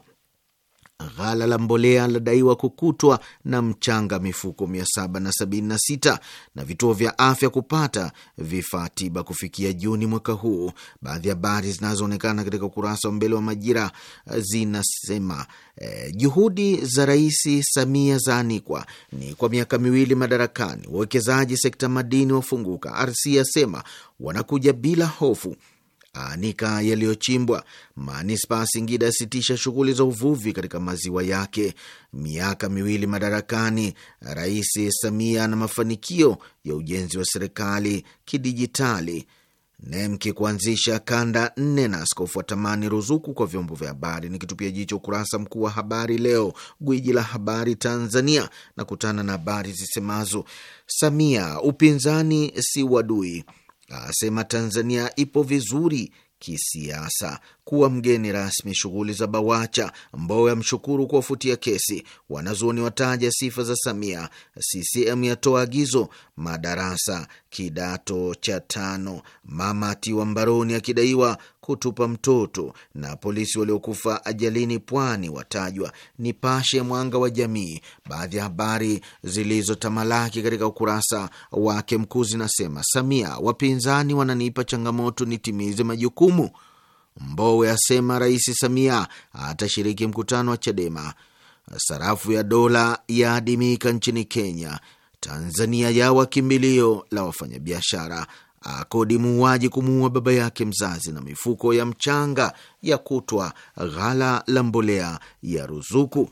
Ghala la mbolea ladaiwa kukutwa na mchanga mifuko 776 na vituo vya afya kupata vifaa tiba kufikia Juni mwaka huu. Baadhi ya habari zinazoonekana katika ukurasa wa mbele wa Majira zinasema eh, juhudi za Rais Samia zaanikwa ni kwa miaka miwili madarakani, wawekezaji sekta madini wafunguka, RC asema wanakuja bila hofu aanika yaliyochimbwa. Manispa Singida asitisha shughuli za uvuvi katika maziwa yake. Miaka miwili madarakani, Rais Samia na mafanikio ya ujenzi wa serikali kidijitali. NEMKI kuanzisha kanda nne na askofu atamani ruzuku kwa vyombo vya habari. Ni kitupia jicho ukurasa mkuu wa habari leo, gwiji la habari Tanzania, na kutana na habari zisemazo Samia upinzani si wadui asema Tanzania ipo vizuri kisiasa kuwa mgeni rasmi shughuli za BAWACHA. Mbowe amshukuru kuwafutia kesi. Wanazuoni wataja sifa za Samia. CCM yatoa agizo madarasa kidato cha tano. Mama atiwa mbaroni akidaiwa kutupa mtoto na polisi waliokufa ajalini pwani watajwa. Nipashe Mwanga wa Jamii, baadhi ya habari zilizotamalaki katika ukurasa wake mkuu zinasema: Samia, wapinzani wananipa changamoto nitimize majukumu. Mbowe asema Rais Samia atashiriki mkutano wa Chadema. Sarafu ya dola yaadimika nchini Kenya. Tanzania yawa kimbilio la wafanyabiashara akodi muuaji kumuua baba yake mzazi, na mifuko ya mchanga ya kutwa ghala la mbolea ya ruzuku.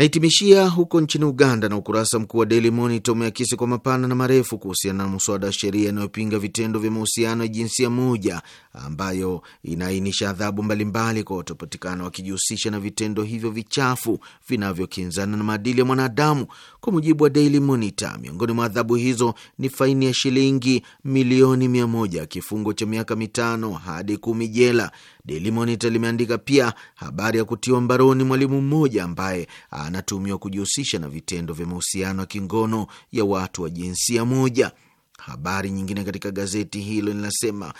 Nahitimishia huko nchini Uganda, na ukurasa mkuu wa Daily Monitor umeakisi kwa mapana na marefu kuhusiana na mswada wa sheria inayopinga vitendo vya mahusiano ya jinsia moja, ambayo inaainisha adhabu mbalimbali kwa watapatikana wakijihusisha na vitendo hivyo vichafu vinavyokinzana na maadili ya mwanadamu. Kwa mujibu wa Daily Monitor, miongoni mwa adhabu hizo ni faini ya shilingi milioni mia moja, kifungo cha miaka mitano hadi kumi jela Daily Monitor limeandika pia habari ya kutiwa mbaroni mwalimu mmoja ambaye anatumiwa kujihusisha na vitendo vya mahusiano ya kingono ya watu wa jinsia moja. Habari nyingine katika gazeti hilo linasema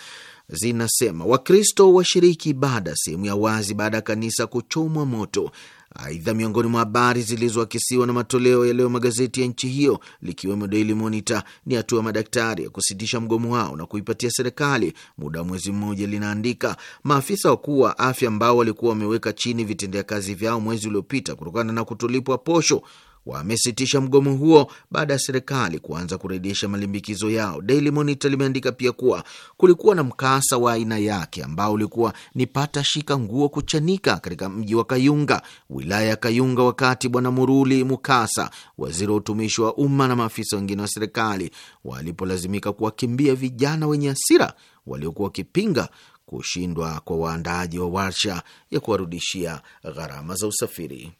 zinasema Wakristo washiriki ibada sehemu ya wazi baada ya kanisa kuchomwa moto. Aidha, miongoni mwa habari zilizoakisiwa na matoleo ya leo magazeti ya nchi hiyo likiwemo Daily Monitor ni hatua ya madaktari ya kusitisha mgomo wao na kuipatia serikali muda wa mwezi mmoja. Linaandika maafisa wakuu wa afya ambao walikuwa wameweka chini vitendea kazi vyao mwezi uliopita kutokana na kutolipwa posho wamesitisha mgomo huo baada ya serikali kuanza kurejesha malimbikizo yao. Daily Monitor limeandika pia kuwa kulikuwa na mkasa wa aina yake ambao ulikuwa ni pata shika nguo kuchanika katika mji wa Kayunga, wilaya ya Kayunga, wakati Bwana Muruli Mukasa, waziri wa utumishi wa umma, na maafisa wengine wa serikali walipolazimika kuwakimbia vijana wenye hasira waliokuwa wakipinga kushindwa kwa waandaaji wa warsha ya kuwarudishia gharama za usafiri.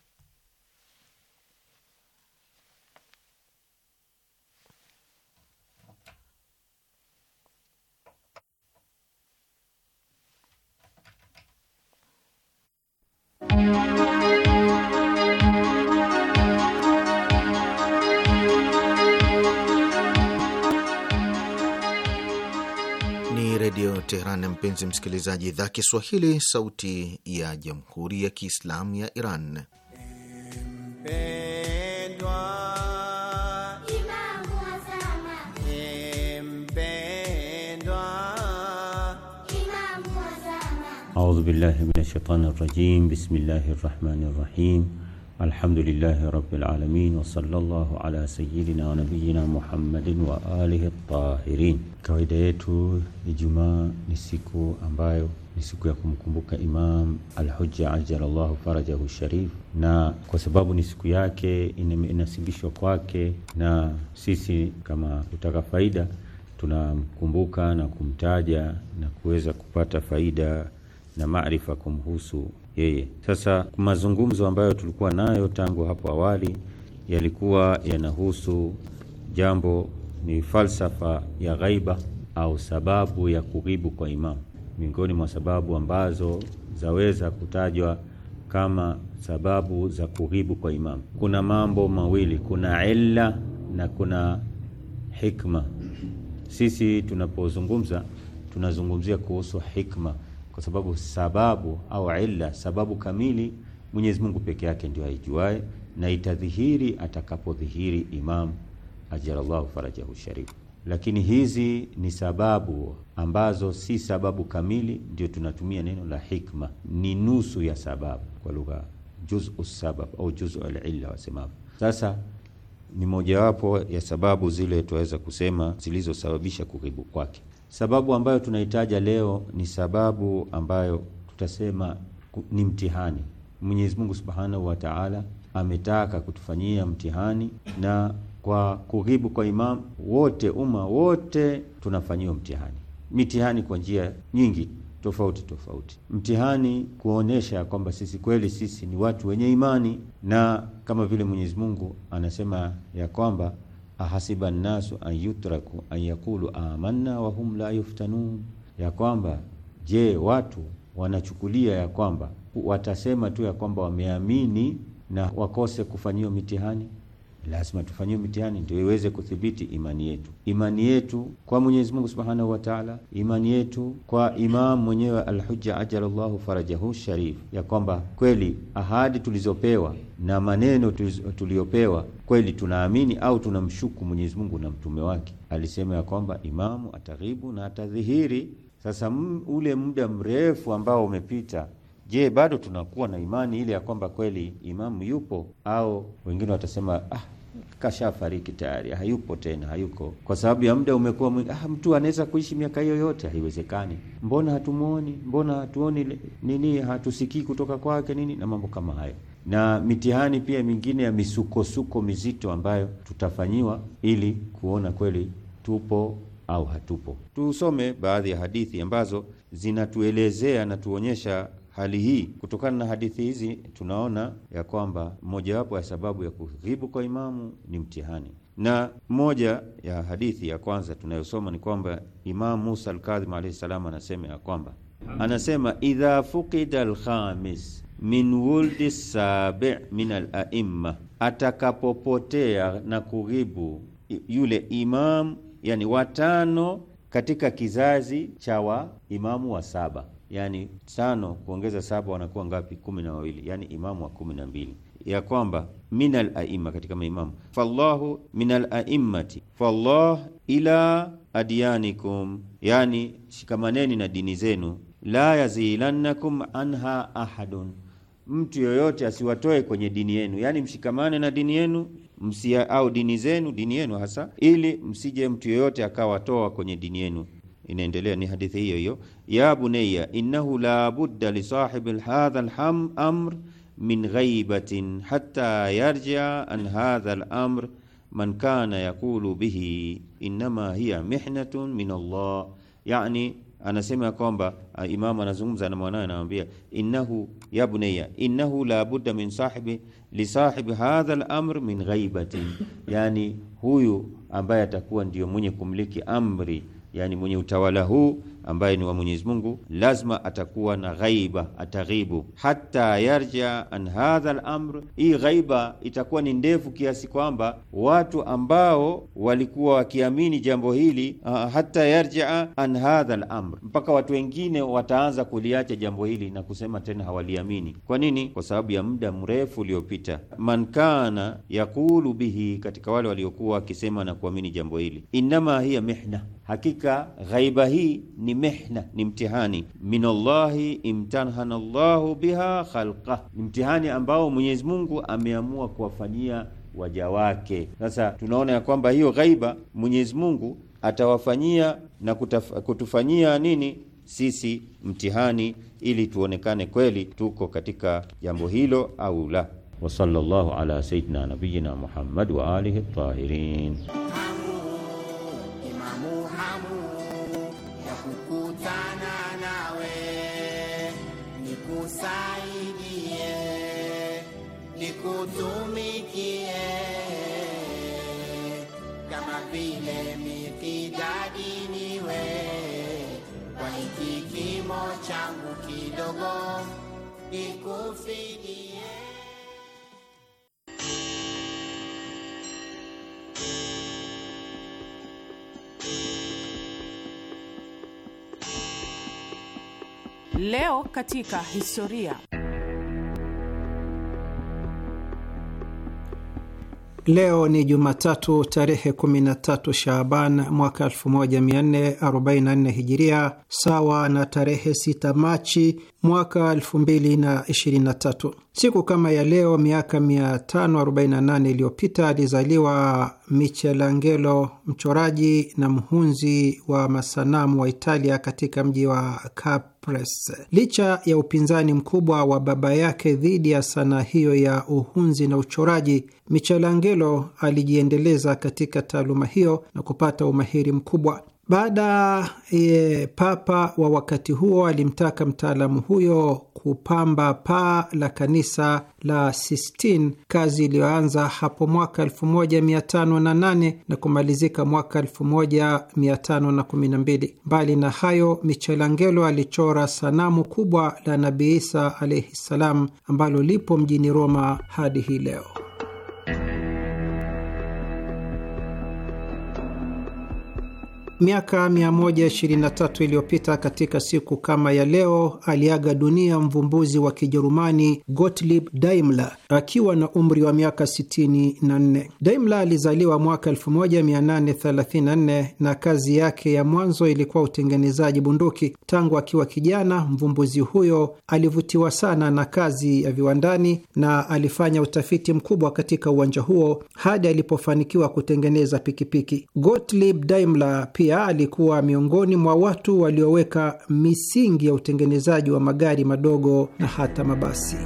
Redio Teheran. Mpenzi msikilizaji, idhaa Kiswahili, sauti ya jamhuri ya kiislamu ya Iran. Audhu billahi min shaitani rajim. Bismillahi rahmani rahim الحمد لله رب العالمين وصلى الله ala sayyidina wa nabiyyina Muhammadin wa Kawaida yetu Ijumaa ni siku ambayo ni siku ya kumkumbuka Imam alhuja hujja ajalallahu farajahu sharif, na kwa sababu ni siku yake inasibishwa kwake, na sisi kama kutaka faida tunamkumbuka na kumtaja na kuweza kupata faida na marifa kumhusu yeye. Sasa mazungumzo ambayo tulikuwa nayo tangu hapo awali yalikuwa yanahusu jambo ni falsafa ya ghaiba au sababu ya kughibu kwa imamu, miongoni mwa sababu ambazo zaweza kutajwa kama sababu za kughibu kwa imamu. Kuna mambo mawili, kuna illa na kuna hikma. Sisi tunapozungumza tunazungumzia kuhusu hikma kwa sababu sababu au illa, sababu kamili Mwenyezi Mungu peke yake ndio aijuae, na itadhihiri atakapodhihiri Imam ajalallahu farajahu sharif. Lakini hizi ni sababu ambazo si sababu kamili, ndio tunatumia neno la hikma, ni nusu ya sababu kwa lugha juzu sabab au juzu alilla wasemavyo. Sasa ni mojawapo ya sababu zile tunaweza kusema zilizosababisha kughibu kwake. Sababu ambayo tunaitaja leo ni sababu ambayo tutasema ni mtihani. Mwenyezi Mungu Subhanahu wa Ta'ala ametaka kutufanyia mtihani, na kwa kughibu kwa imam wote, umma wote tunafanyiwa mtihani, mitihani kwa njia nyingi tofauti tofauti. Mtihani kuonesha kwamba sisi kweli sisi ni watu wenye imani, na kama vile Mwenyezi Mungu anasema ya kwamba ahasiba nnasu an yutraku an yakulu amanna wahum la yuftanun, ya kwamba je, watu wanachukulia ya kwamba watasema tu ya kwamba wameamini na wakose kufanyiwa mitihani lazima tufanyiwe mitihani ndio iweze kuthibiti imani yetu, imani yetu kwa Mwenyezi Mungu Subhanahu wa Ta'ala, imani yetu kwa Imam mwenyewe al ajalallahu farajahu sharif, ya kwamba kweli ahadi tulizopewa na maneno tuliyopewa kweli tunaamini au tunamshuku Mwenyezi Mungu na mtume wake. Alisema ya kwamba imamu ataghibu na atadhihiri. Sasa ule muda mrefu ambao umepita Je, bado tunakuwa na imani ile ya kwamba kweli imamu yupo, au wengine watasema ah, kashafariki tayari, hayupo tena, hayuko kwa sababu ya muda umekuwa mwingi. Ah, mtu anaweza kuishi miaka hiyo yote? Haiwezekani. Mbona hatumuoni? Mbona hatuoni nini? Hatusikii kutoka kwake nini, na mambo kama hayo na mitihani pia mingine ya misukosuko mizito ambayo tutafanyiwa ili kuona kweli tupo au hatupo. Tusome baadhi ya hadithi ambazo zinatuelezea na tuonyesha hali hii. Kutokana na hadithi hizi, tunaona ya kwamba mojawapo ya sababu ya kughibu kwa imamu ni mtihani, na moja ya hadithi ya kwanza tunayosoma ni kwamba Imamu Musa Alkadhim alaihi salam anasema ya kwamba anasema idha fuqida alkhamis min wuldi sabi min alaimma, atakapopotea na kughibu yule imam yani watano katika kizazi cha waimamu wa saba yani tano kuongeza saba wanakuwa ngapi? kumi na wawili, yani imamu wa kumi na mbili ya kwamba min alaima katika maimamu, fallahu min alaimmati, fallah ila adyanikum, yani shikamaneni na dini zenu, la yazilannakum anha ahadun, mtu yoyote asiwatoe kwenye dini yenu, yani mshikamane na dini yenu msia, au dini zenu, dini yenu hasa, ili msije mtu yoyote akawatoa kwenye dini yenu inaendelea ni hadithi hiyo hiyo, ya bunayya innahu la budda li sahibi hadha alham amr min ghaibatin hatta yarjia an hadha alamr man kana yaqulu bihi innama hiya mihnatun min Allah. Yani anasema kwamba Imam anazungumza na mwanawe, anamwambia innahu ya bunayya innahu la budda min sahibi li sahibi hadha alamr min ghaibatin, yani huyu ambaye atakuwa ndio mwenye kumiliki amri yani mwenye utawala huu ambaye ni wa Mwenyezi Mungu, lazima atakuwa na ghaiba, ataghibu hata yarja an hadha al-amr. Hii ghaiba itakuwa ni ndefu kiasi kwamba watu ambao walikuwa wakiamini jambo hili uh, ah, hata yarja an hadha al-amr, mpaka watu wengine wataanza kuliacha jambo hili na kusema tena hawaliamini. Kwa nini? Kwa sababu ya muda mrefu uliopita. Man kana yaqulu bihi, katika wale waliokuwa wakisema na kuamini jambo hili, innama hiya mihna, hakika ghaiba hii ni ni mehna, ni mtihani. Minallahi imtahana Allahu biha khalqa, ni mtihani ambao Mwenyezi Mungu ameamua kuwafanyia waja wake. Sasa tunaona ya kwamba hiyo ghaiba Mwenyezi Mungu atawafanyia na kutaf, kutufanyia nini sisi mtihani, ili tuonekane kweli tuko katika jambo hilo au la. Wa sallallahu ala sayyidina nabiyina Muhammad wa alihi tahirin sana nawe nikusaidie, nikutumikie kama vile Mikidadi niwe kwa hiki kimo changu kidogo nikufidie. Leo katika historia. Leo ni Jumatatu tarehe 13 Shaaban mwaka 1444 Hijiria, sawa na tarehe 6 Machi mwaka 2023. Siku kama ya leo miaka 548 iliyopita alizaliwa Michelangelo, mchoraji na mhunzi wa masanamu wa Italia, katika mji wa Cap Press. Licha ya upinzani mkubwa wa baba yake dhidi ya sanaa hiyo ya uhunzi na uchoraji, Michelangelo alijiendeleza katika taaluma hiyo na kupata umahiri mkubwa. Baada ya papa wa wakati huo alimtaka mtaalamu huyo kupamba paa la kanisa la Sistine, kazi iliyoanza hapo mwaka 1508 na kumalizika mwaka 1512. Mbali na hayo, Michelangelo alichora sanamu kubwa la Nabii Isa alaihi ssalam ambalo lipo mjini Roma hadi hii leo. Miaka 123 iliyopita katika siku kama ya leo aliaga dunia mvumbuzi wa Kijerumani Gottlieb Daimler akiwa na umri wa miaka 64. Daimler alizaliwa mwaka 1834 na kazi yake ya mwanzo ilikuwa utengenezaji bunduki. Tangu akiwa kijana, mvumbuzi huyo alivutiwa sana na kazi ya viwandani na alifanya utafiti mkubwa katika uwanja huo hadi alipofanikiwa kutengeneza pikipiki. Gottlieb Daimler pia pia alikuwa miongoni mwa watu walioweka misingi ya utengenezaji wa magari madogo na hata mabasi.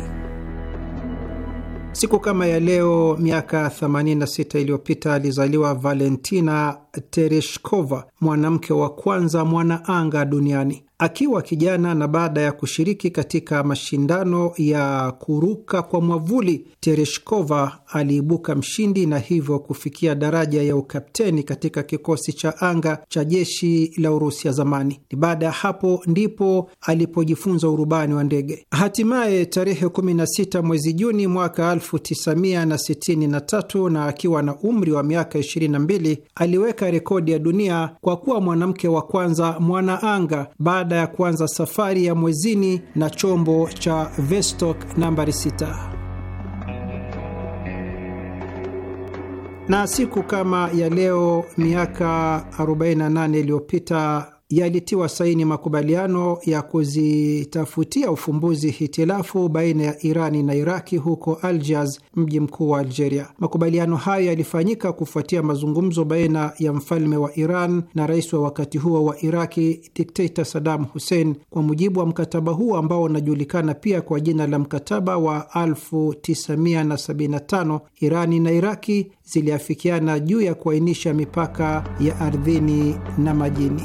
Siku kama ya leo miaka 86 iliyopita alizaliwa Valentina Tereshkova, mwanamke wa kwanza mwanaanga duniani. Akiwa kijana na baada ya kushiriki katika mashindano ya kuruka kwa mwavuli, Tereshkova aliibuka mshindi na hivyo kufikia daraja ya ukapteni katika kikosi cha anga cha jeshi la Urusi ya zamani. Ni baada ya hapo ndipo alipojifunza urubani wa ndege. Hatimaye tarehe 16 mwezi Juni mwaka 1963 na akiwa na umri wa miaka 22 aliweka katika rekodi ya dunia kwa kuwa mwanamke wa kwanza mwanaanga baada ya kuanza safari ya mwezini na chombo cha Vostok nambari 6. na siku kama ya leo miaka 48 iliyopita yalitiwa saini makubaliano ya kuzitafutia ufumbuzi hitilafu baina ya Irani na Iraki huko Algiers, mji mkuu wa Algeria. Makubaliano hayo yalifanyika kufuatia mazungumzo baina ya mfalme wa Iran na rais wa wakati huo wa Iraki, dikteta Saddam Hussein. Kwa mujibu wa mkataba huo ambao unajulikana pia kwa jina la mkataba wa 1975, Irani na Iraki ziliafikiana juu ya kuainisha mipaka ya ardhini na majini.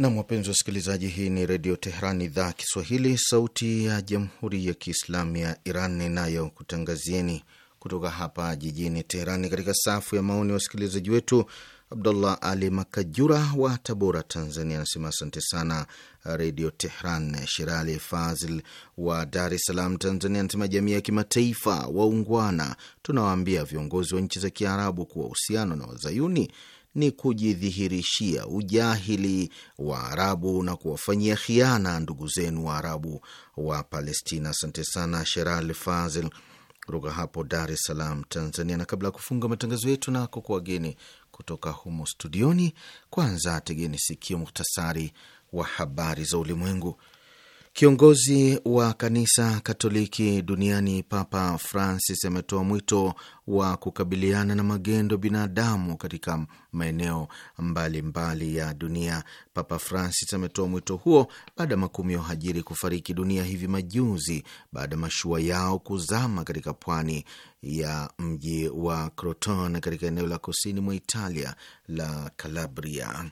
Nam, wapenzi wasikilizaji, hii ni Redio Teheran, idhaa ya Kiswahili, sauti ya jamhuri ya kiislamu ya Iran inayokutangazieni kutoka hapa jijini Teherani. Katika safu ya maoni ya wasikilizaji wetu, Abdullah Ali Makajura wa Tabora, Tanzania, anasema asante sana Redio Tehran. Shirali Fazil wa Dar es Salaam, Tanzania, anasema jamii ya kimataifa waungwana, tunawaambia viongozi wa nchi za Kiarabu kuwa uhusiano na wazayuni ni kujidhihirishia ujahili wa Arabu na kuwafanyia khiana ndugu zenu wa Arabu wa Palestina. Asante sana Sheral Fazil kutoka hapo Dar es Salaam, Tanzania. Na kabla ya kufunga matangazo yetu na wageni kutoka humo studioni, kwanza tegeni sikio muhtasari wa habari za ulimwengu. Kiongozi wa kanisa Katoliki duniani Papa Francis ametoa mwito wa kukabiliana na magendo binadamu katika maeneo mbalimbali ya dunia. Papa Francis ametoa mwito huo baada ya makumi ya wahajiri kufariki dunia hivi majuzi baada ya mashua yao kuzama katika pwani ya mji wa Crotone katika eneo la kusini mwa Italia la Calabria.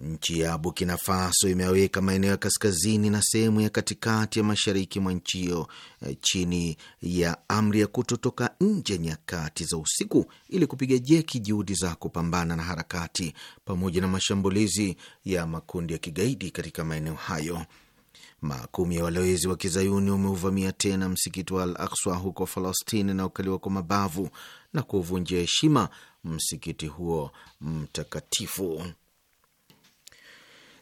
Nchi ya Burkina Faso imeweka maeneo ya kaskazini na sehemu ya katikati ya mashariki mwa nchi hiyo eh, chini ya amri ya kutotoka nje nyakati za usiku ili kupiga jeki juhudi za kupambana na harakati pamoja na mashambulizi ya makundi ya kigaidi katika maeneo hayo. Makumi ya walowezi wa kizayuni wameuvamia tena msikiti wa Al Akswa huko Falastini ukaliwa kwa mabavu na kuuvunjia heshima msikiti huo mtakatifu.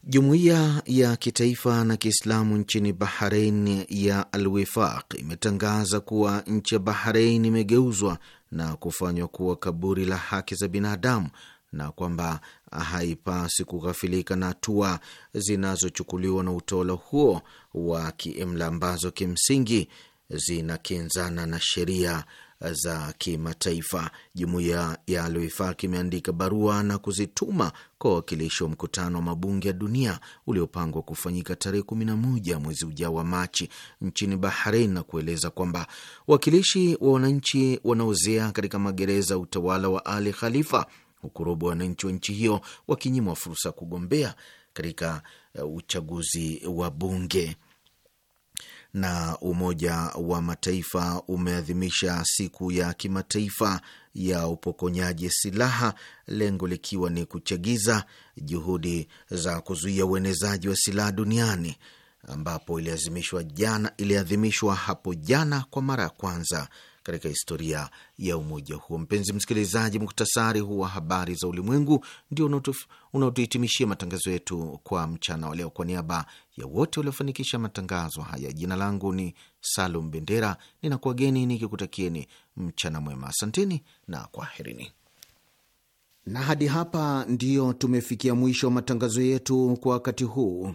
Jumuiya ya kitaifa na Kiislamu nchini bahrein ya Alwifaq imetangaza kuwa nchi ya bahrein imegeuzwa na kufanywa kuwa kaburi la haki za binadamu na kwamba haipasi kughafilika na hatua zinazochukuliwa na utawala huo wa kiimla ambazo kimsingi zinakinzana na sheria za kimataifa. Jumuiya ya al imeandika barua na kuzituma kwa wawakilishi wa mkutano wa mabunge ya dunia uliopangwa kufanyika tarehe kumi na moja mwezi ujao wa Machi nchini bahrein na kueleza kwamba wakilishi wa wananchi wanaozea katika magereza ya utawala wa Ali Khalifa, huku robo wananchi wa nchi hiyo wakinyimwa fursa ya kugombea katika eh, uchaguzi wa bunge na Umoja wa Mataifa umeadhimisha siku ya kimataifa ya upokonyaji silaha, lengo likiwa ni kuchagiza juhudi za kuzuia uenezaji wa silaha duniani, ambapo iliadhimishwa jana, iliadhimishwa hapo jana kwa mara ya kwanza katika historia ya umoja huo. Mpenzi msikilizaji, muktasari huu wa habari za ulimwengu ndio unaotuhitimishia matangazo yetu kwa mchana wa leo. Kwa niaba ya wote waliofanikisha matangazo haya, jina langu ni Salum Bendera, ninakuwageni nikikutakieni mchana mwema. Asanteni na kwaherini. Na hadi hapa ndiyo tumefikia mwisho wa matangazo yetu kwa wakati huu.